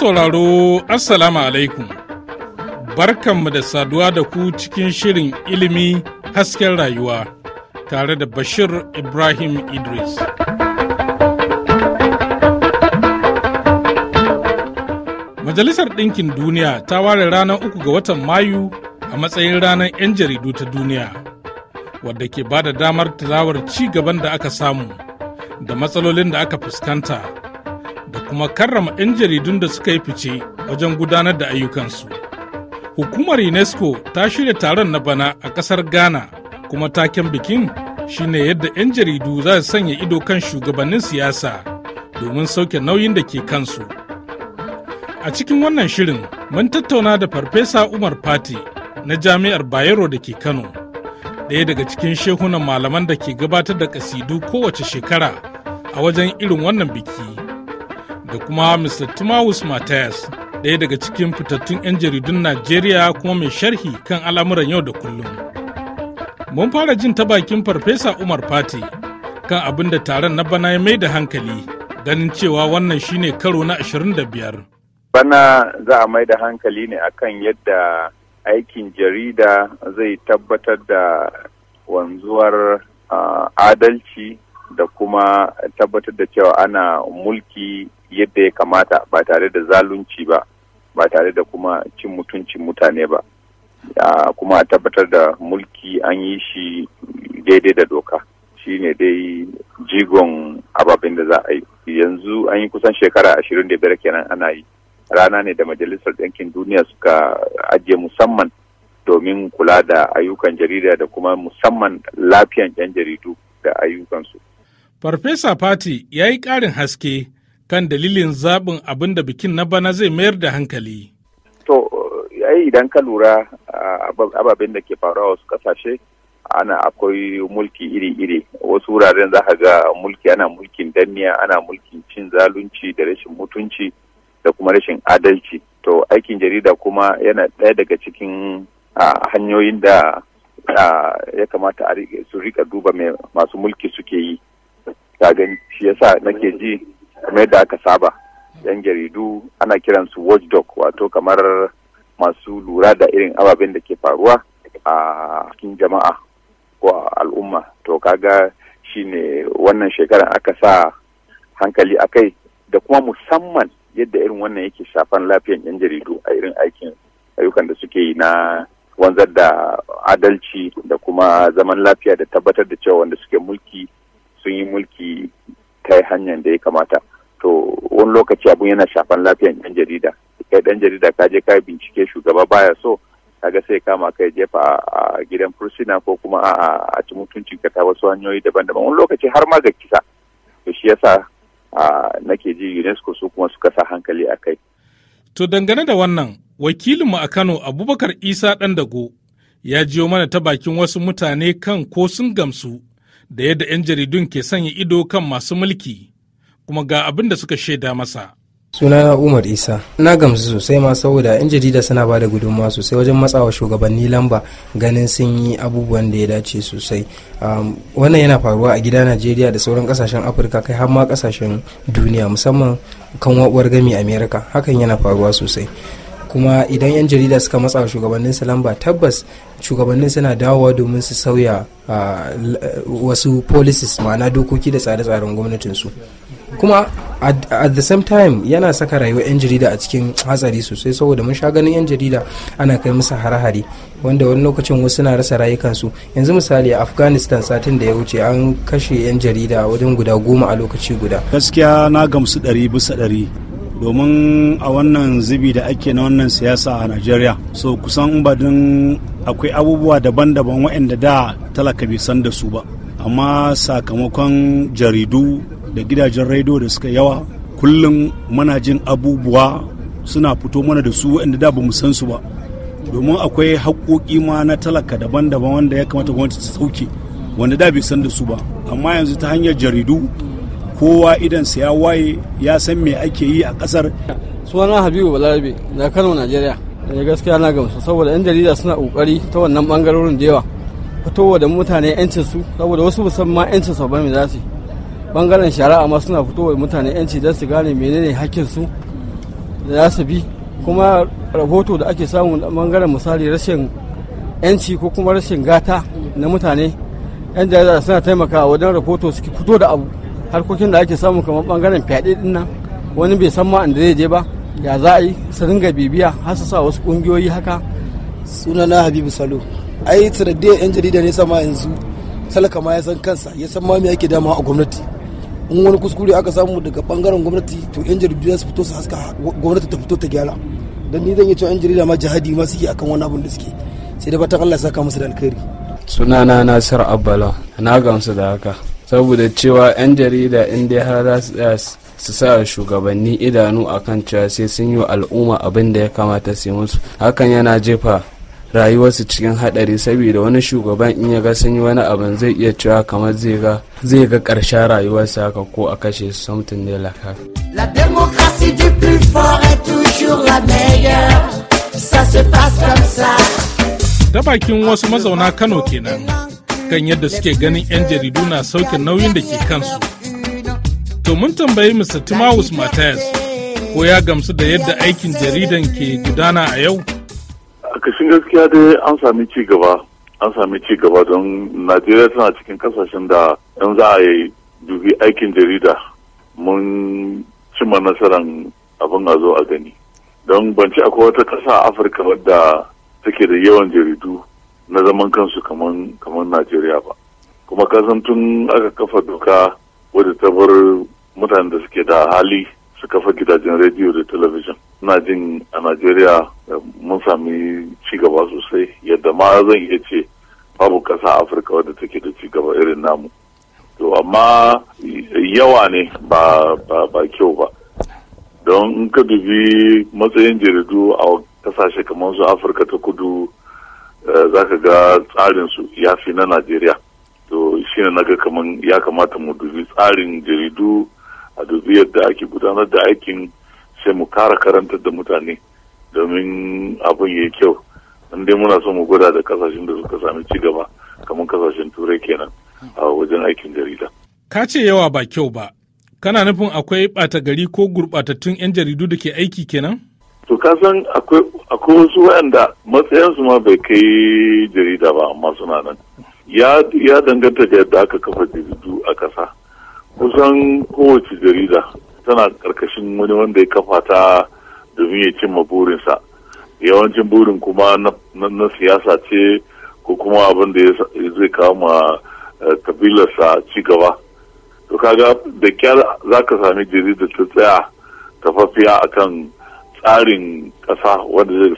sauraro assalamu alaikum barkanmu da saduwa da ku cikin shirin ilimi hasken rayuwa tare da bashir ibrahim idris majalisar ɗinkin duniya ta ware ranar uku ga watan mayu a matsayin ranar 'yan jaridu ta duniya wadda ke ba da damar tilawar ci gaban da aka samu da matsalolin da aka fuskanta da kuma karrama 'yan jaridun da suka yi fice wajen gudanar da ayyukansu. Hukumar UNESCO ta shirya taron na bana a ƙasar Ghana kuma taken bikin shine yadda 'yan jaridu za su sanya ido kan shugabannin siyasa domin sauke nauyin da ke kansu. A cikin wannan shirin mun tattauna da Farfesa Umar Fati na Jami'ar Bayero da ke Kano. ɗaya daga cikin shehunan malaman da ke gabatar da kasidu kowace shekara a wajen irin wannan biki da kuma mr timawus matthias ɗaya daga cikin fitattun 'yan jaridun najeriya kuma mai sharhi kan al'amuran yau da kullum mun fara jin ta bakin farfesa umar fati kan abin da taron na bana ya mai da hankali ganin cewa wannan shine karo na 25 bana za a mai da hankali ne akan yadda aikin jarida zai tabbatar da wanzuwar adalci da kuma tabbatar da cewa ana mulki yadda ya kamata ba tare da zalunci ba ba tare da kuma cin mutuncin mutane ba kuma tabbatar da mulki an yi shi daidai da doka shi ne dai jigon ababen da za a yi yanzu an yi kusan shekara ashirin da biyar kenan ana yi rana ne da majalisar ɗinkin duniya suka ajiye musamman domin kula da ayyukan jarida da kuma musamman lafiyan 'yan jaridu da ayyukansu. Farfesa Fati ya yi ƙarin haske kan dalilin zaɓin abin da bikin na bana zai mayar da hankali. To, ai idan ka lura ah, ababen da ke faruwa wasu kasashe ana akwai mulki iri-iri wasu wuraren za ga mulki ana mulkin danniya ana mulkin cin zalunci da rashin mutunci. da kuma rashin adalci to aikin jarida kuma yana ɗaya daga cikin hanyoyin da ya kamata su rika duba masu mulki suke yi gani shi yasa nake ji kamar da aka saba yan jaridu ana kiran su watchdog wato kamar masu lura da irin ababen da ke faruwa a cikin jama'a ko al'umma to kaga shine wannan shekaran aka sa hankali a kai da kuma musamman yadda irin wannan yake shafan lafiyan yan jaridu a irin aikin ayyukan da suke yi na wanzar da adalci da kuma zaman lafiya da tabbatar da cewa wanda suke mulki sun yi mulki ta hanyar da ya kamata to wani lokaci abun yana shafan lafiyan yan jarida kai ɗan jarida ka je ka bincike shugaba baya so ga sai kama kai jefa a gidan fursina ko kuma a ci mutuncin ka ta wasu hanyoyi daban-daban wani lokaci har ma ga kisa to shi yasa nake ji unesco su kuma suka sa hankali a kai to dangane da wannan wakilinmu a kano abubakar isa Ɗandago, ya jiyo mana ta bakin wasu mutane kan ko sun gamsu da yadda 'yan jaridun ke sanya ido kan masu mulki kuma ga abin da suka shaida masa sunana umar isa na gamsu sosai ma saboda yan jarida suna ba da gudunmawa sosai wajen matsawa shugabanni lamba ganin sun yi abubuwan da ya dace sosai um, wannan yana faruwa a gida najeriya da sauran kasashen afirka kai har ma kasashen duniya musamman kan wabuwar gami america hakan yana faruwa sosai kuma idan 'yan jarida suka matsa shugabannin su lamba tabbas shugabannin suna dawowa domin su sauya uh, wasu policies ma'ana dokoki da tsare-tsaren gwamnatin su kuma at, the same time yana saka rayuwar 'yan jarida a cikin hatsari sosai saboda mun sha ganin 'yan jarida ana kai musu hare-hare wanda wani lokacin wasu na rasa rayukansu yanzu misali a afghanistan satin da ya wuce an kashe 'yan jarida wajen guda goma a lokaci guda gaskiya na gamsu ɗari bisa ɗari domin a wannan zubi da ake na wannan siyasa a najeriya so kusan badin akwai abubuwa daban-daban waɗanda da talaka bai san da su ba amma sakamakon jaridu da gidajen rediyo da suka yawa kullum muna jin abubuwa suna fito mana da su wanda da ba mu san su ba domin akwai haƙoƙi ma na talaka daban-daban wanda ya kamata gwamnati ta sauke wanda da bai san da su ba amma yanzu ta hanyar jaridu kowa idan ya waye ya san me ake yi a ƙasar suna habibu balarabe na kano najeriya da eh, gaskiya na gamsu saboda yan jarida suna ƙoƙari ta wannan ɓangarorin da yawa fitowa da mutane su saboda wasu musamman 'yancinsu ba mai zasu bangaren shari'a ma suna fitowa mutane yanci don su gane menene hakkin su da za su bi kuma rahoto da ake samu bangaren misali rashin yanci ko kuma rashin gata na mutane yan jarida suna taimakawa wajen rahoto suke fito da abu harkokin da ake samu kamar bangaren fyaɗe din nan wani bai san ma inda zai je ba ya za a yi su ringa bibiya har su sa wasu ƙungiyoyi haka sunana habibu salo ai sanadiyar yan jarida ne sama yanzu talaka ma ya san kansa ya san ma me yake dama a gwamnati in wani kuskure aka samu daga bangaren gwamnati to yan jaridu su fito su haska gwamnati ta fito ta gyara don ni zan yi cewa yan jarida ma jihadi ma suke akan wani abin da suke sai da ta Allah ya saka musu da alkhairi sunana Nasir Abbala na gamsu da haka saboda cewa yan jarida in dai har za su tsaya su sa shugabanni idanu akan cewa sai sun yi wa al'umma abin da ya kamata su yi musu hakan yana jefa rayuwarsu cikin haɗari saboda wani shugaban in ya ga sun yi wani abin zai iya cewa kamar zai ga zai ga ƙarshen rayuwarsa haka ko a kashe something ne La démocratie Ta bakin wasu mazauna Kano kenan kan yadda suke ganin 'yan jaridu na saukin nauyin da ke kansu. To mun tambayi Mr. Timawus Matthias ko ya gamsu da yadda aikin jaridan ke gudana a yau? a gaskiya dai an sami ci gaba an sami ci gaba don najeriya tana cikin kasashen da yan za a yi dubi aikin jarida mun cima nasarar abin a zo a gani don banci akwai wata ƙasa a afirka wadda take da yawan jaridu na zaman kansu kamar najeriya ba kuma kasan tun aka kafa doka wadda ta bar mutanen da suke da hali su kafa gidajen rediyo da talabijin na jin a najeriya eh, mun sami cigaba sosai yadda ma zan iya ce babu ƙasa afirka wadda take da cigaba irin namu to amma yawa ne ba kyau ba don in ka dubi matsayin jaridu a kasashe kamar su afirka ta kudu eh, za ka ga tsarinsu ya fi na najeriya to shi ne naga kamar ya kamata mu dubi tsarin jaridu a dubi yadda ake gudanar da aikin sai mu kara karantar da mutane domin abin ya yi kyau in dai muna so mu gwada da kasashen da suka sami ci gaba kamar kasashen turai kenan a wajen aikin jarida ka ce yawa ba kyau ba kana nufin akwai ɓata gari ko gurɓatattun 'yan jaridu da ke aiki kenan to ka san akwai wasu waɗanda matsayinsu ma bai kai jarida ba amma suna nan ya danganta da yadda aka kafa jaridu a kasa kusan kowace jarida tana karkashin wani wanda ya kafa ta domin ya cimma burinsa yawancin burin kuma na siyasa ce ko kuma abin da zai kawo ma eh, kabilarsa ci gaba to kaga da kyar za ka sami jarida ta tsaya tafafiya akan tsarin kasa wanda zai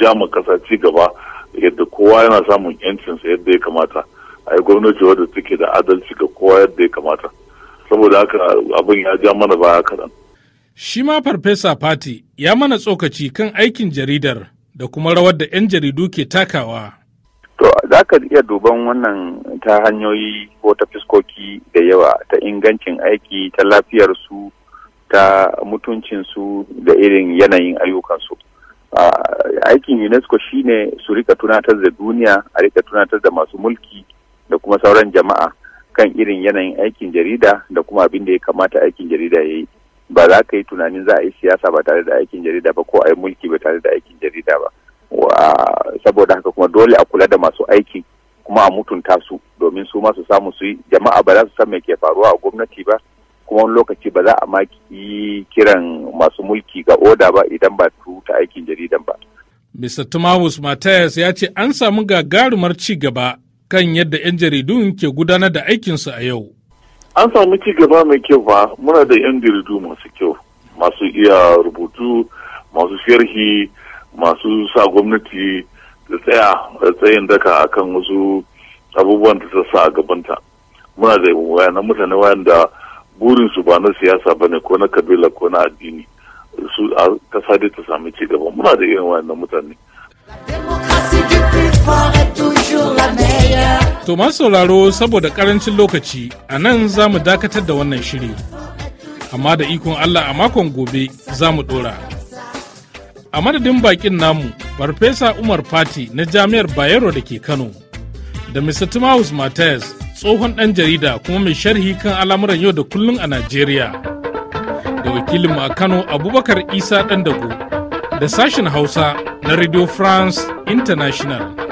jama ƙasa ci gaba yadda kowa yana samun yancinsa yadda ya kamata a yi gwamnati wadda take da adalci ga kowa yadda ya kamata. saboda haka abin ya ja mana baya kaɗan. Shi ma Farfesa Fati ya mana tsokaci kan aikin jaridar da kuma rawar da 'yan jaridu ke takawa. To, za ka iya duban wannan ta hanyoyi ko ta fiskoki da yawa ta ingancin aiki ta lafiyarsu ta mutuncinsu da irin yanayin ayyukansu. Aikin UNESCO shine su rika tunatar da duniya, a rika tunatar da masu mulki da kuma sauran jama'a. kan irin yanayin aikin jarida da kuma abin da ya kamata aikin jarida ya yi ba za ka yi tunanin za a yi siyasa ba tare da aikin jarida ba ko a yi mulki ba tare da aikin jarida ba saboda haka kuma dole a kula da masu aiki kuma a mutunta su domin su ma su samu su yi jama'a ba za su san me ke faruwa a gwamnati ba kuma wani lokaci ba za a ma yi kiran masu mulki ga oda ba idan ba su ta aikin jaridan ba. Mr. Tumawus Matthias ya ce an samu gagarumar ci gaba kan yadda 'yan jaridun ke gudanar da aikinsu a yau. An samu ci gaba mai kyau ba muna da 'yan jaridu masu kyau masu iya rubutu masu sharhi masu sa gwamnati da tsaya da tsayin daka a kan wasu abubuwan da sassa a gabanta. Muna da wayanan mutane wayanda burinsu ba na siyasa ba ne ko na kabila ko na addini su a kasa dai ta sami ci gaba muna da irin wayannan mutane. To masu sauraro saboda karancin lokaci a nan za mu dakatar da wannan shiri. Amma da ikon Allah a makon gobe za mu ɗora. A madadin bakin namu, Farfesa Umar Fati na Jami'ar Bayero da ke Kano, da Mr. Timaus Matthias tsohon ɗan jarida kuma mai sharhi kan al'amuran yau da kullum a Najeriya. Da wakilinmu a Kano Abubakar Isa Ɗandago da sashen Hausa na Radio France International.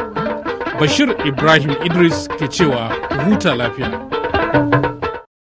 Bashir Ibrahim Idris ke cewa huta lafiya.